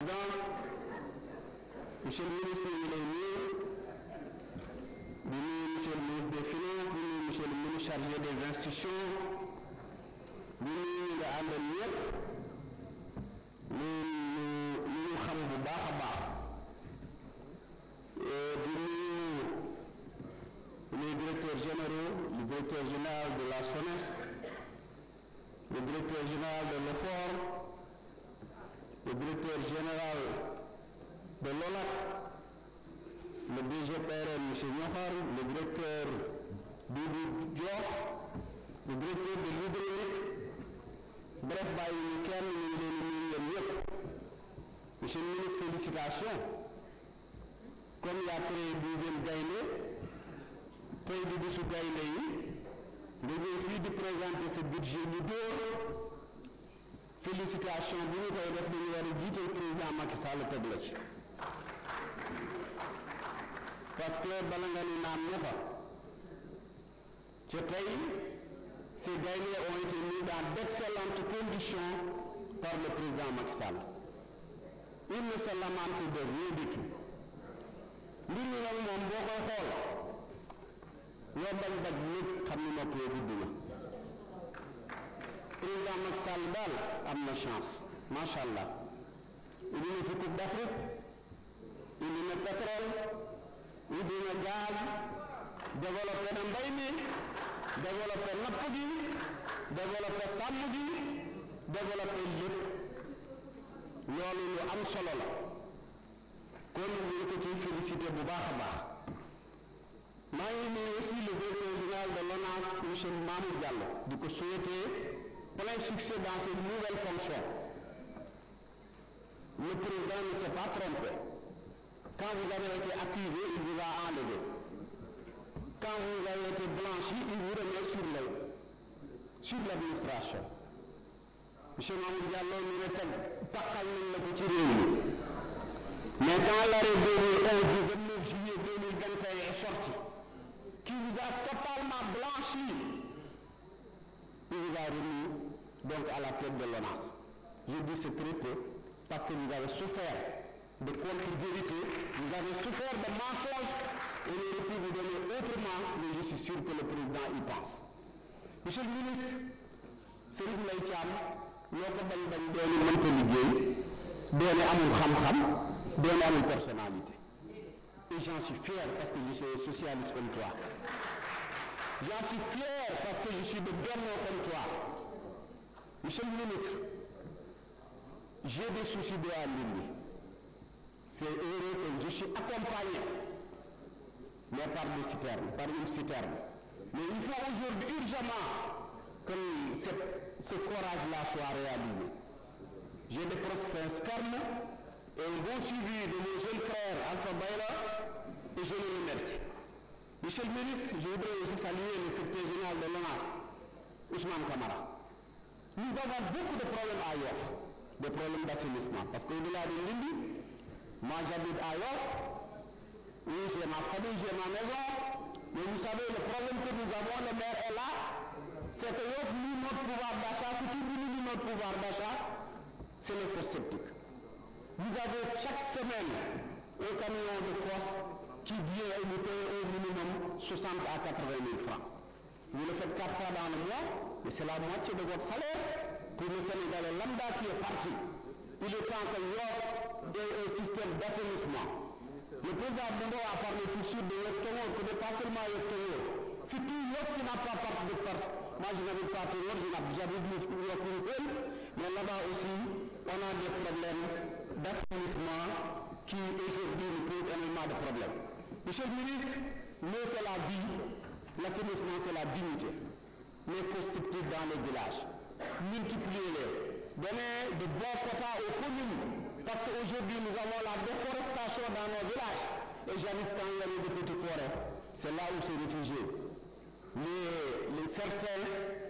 Donc, Monsieur le ministre de l'Économie, Monsieur le ministre des Finances, Monsieur le ministre chargé des institutions, Monsieur le àndal yëpp ñu ñu xam bu baax a baax di nuyu les directeurs généraux le directeur général de la SONES le directeur général de l'OFOR le directeur général de l'OLAC, le directeur M. Nyohar, le directeur du Dior, le directeur de l'hydraulique, bref, il kenn ñu monsieur le ministre félicitations comme il créé le deuxième tey di bisu gaynde yi nga ñëw présenter ce budget de félicitation bi ñu koy def dañu war a jiital président Macky Sall la ci parce que bala nga ni naam ne fa ca tey ces gaynde ont été mis dans par le président Macky Sall il de rien du tout mbir mi moom boo koy xool loo bañ nit xam ne nopp yoo gudd na président Macky Sall daal am na chance macha allah indi na fi coupe d'Afrique indi na pétrole indi na gaz développé na mbay mi développé napp gi développé sàmm gi développé lépp loolu lu am solo la kon ñu ko ciy félicité bu baax a baax maa ngi nuyu aussi le directeur général de l'ONAS monsieur Mamour Diallo di ko souhaiter plein succès dans ses nouvelles fonctions. Le président ne s'est pas trompé. Quand vous avez été accusé, il vous a enlevé. Quand vous avez été blanchi, il vous remet sur l'administration. Sur M. Mamoud Diallo nous répète, Pakal le petit Mais quand l'arrêt du 29 juillet 2021 est sorti, qui vous a totalement blanchi, il vous a remis donc à la tête de l'ONAS. Je dis ce très peu parce que nous avons souffert de contre nous avons souffert de mensonges et nous aurait pu vous donner autrement, mais je suis sûr que le président y pense. Monsieur le ministre, c'est Mbaye qui loo amul xam-xam amul personnalité et j'en suis fier parce que je suis socialiste comme toi. J'en suis fier parce que je suis de bien comme toi. Monsieur le ministre, j'ai des soucis de Alimi. C'est heureux que je suis accompagné, mais par des par une citerne. Mais il faut aujourd'hui urgemment que ce courage là soit réalisé. J'ai des prospects fermes et un bon suivi de nos jeunes frères Alpha Baila et je les remercie. Monsieur le ministre, je voudrais aussi saluer le secrétaire général de l'ONAS, Ousmane Kamara nous avons beaucoup de problèmes à Yoff, de problèmes d'assainissement. Parce qu'au-delà de lundi, moi j'habite à Yoff, oui j'ai ma famille, j'ai ma maison, mais vous savez le problème que nous avons, le maire est là, c'est que Yoff nous notre pouvoir d'achat, ce qui diminue notre pouvoir d'achat, c'est les fosses sceptiques. Vous avez chaque semaine un camion de force qui vient émettre au minimum 60 à 80 000 francs. Vous le faites quatre fois dans le mois, mais c'est la moitié de votre salaire pour le Sénégalais lambda qui est parti. Il est temps que y ait un système d'assainissement. Le président Bondo a parlé tout de suite de Yoptomo, ce n'est pas seulement Yoptomo. C'est tout Yop qui n'a pas parti de part. Moi, je n'avais pas peur, j'avais de Yoptomo, mais là-bas aussi, on a des problèmes d'assainissement qui aujourd'hui nous posent énormément de problèmes. Monsieur le ministre, nous, c'est la vie L'assainissement, c'est la dignité. Les possibilités dans les villages. Multipliez-les. Donnez de bons quotas aux communes. Parce qu'aujourd'hui, nous avons la déforestation dans nos villages. Et mis quand il y a des petites forêts. C'est là où se réfugier. Mais les certains,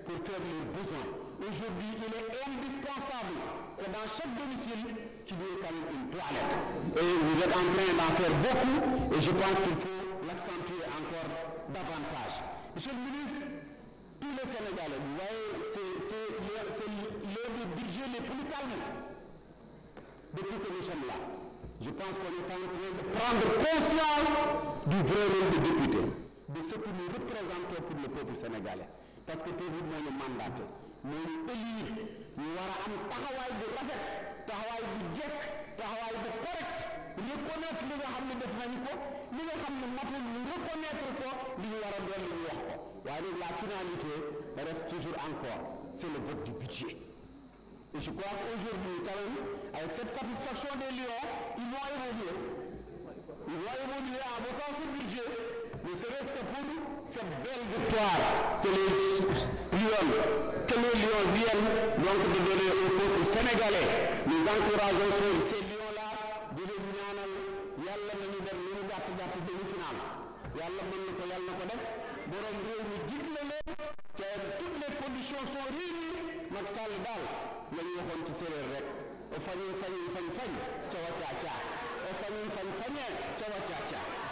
pour faire le besoins. Aujourd'hui, il est indispensable que dans chaque domicile, il y ait une toilette. Et vous êtes en train d'en faire beaucoup. Et je pense qu'il faut l'accent. Monsieur le ministre, tous les Sénégalais, vous voyez, c'est l'un des budgets les plus calmes depuis que nous sommes là. Je pense qu'on est en train de prendre conscience du vrai rôle des députés, de ce que nous représentons pour le peuple sénégalais. Parce que pour vous, nous le mandatés. Nous élire, nous avons un travail de rafet, travail de jet, travail de correct, reconnaître les de qui nous, nga xam ne matul ñu reconnaître ko li ñu war a doon li ñu wax ko waaye nag la finalité reste toujours encore c'est le vote du budget et je crois qu'aujourd'hui quand avec cette satisfaction des Lions ils vont évoluer ils vont évoluer en votant ce budget Mais serait-ce que pour cette belle victoire que les Lions que les Lions viennent donc de donner au peuple sénégalais nous encourageons ces Lions-là de venir ñaanal yàlla gàtt gàtt demi final yàlla mën na ko yàlla na ko def borom réew mi digle leen te toutes les conditions sont réunies Macky Sall daal la ñu waxoon ci séeréer rek fañu fañu fañ fañ ca wa caa caa fañu fañ fañee ca wa caa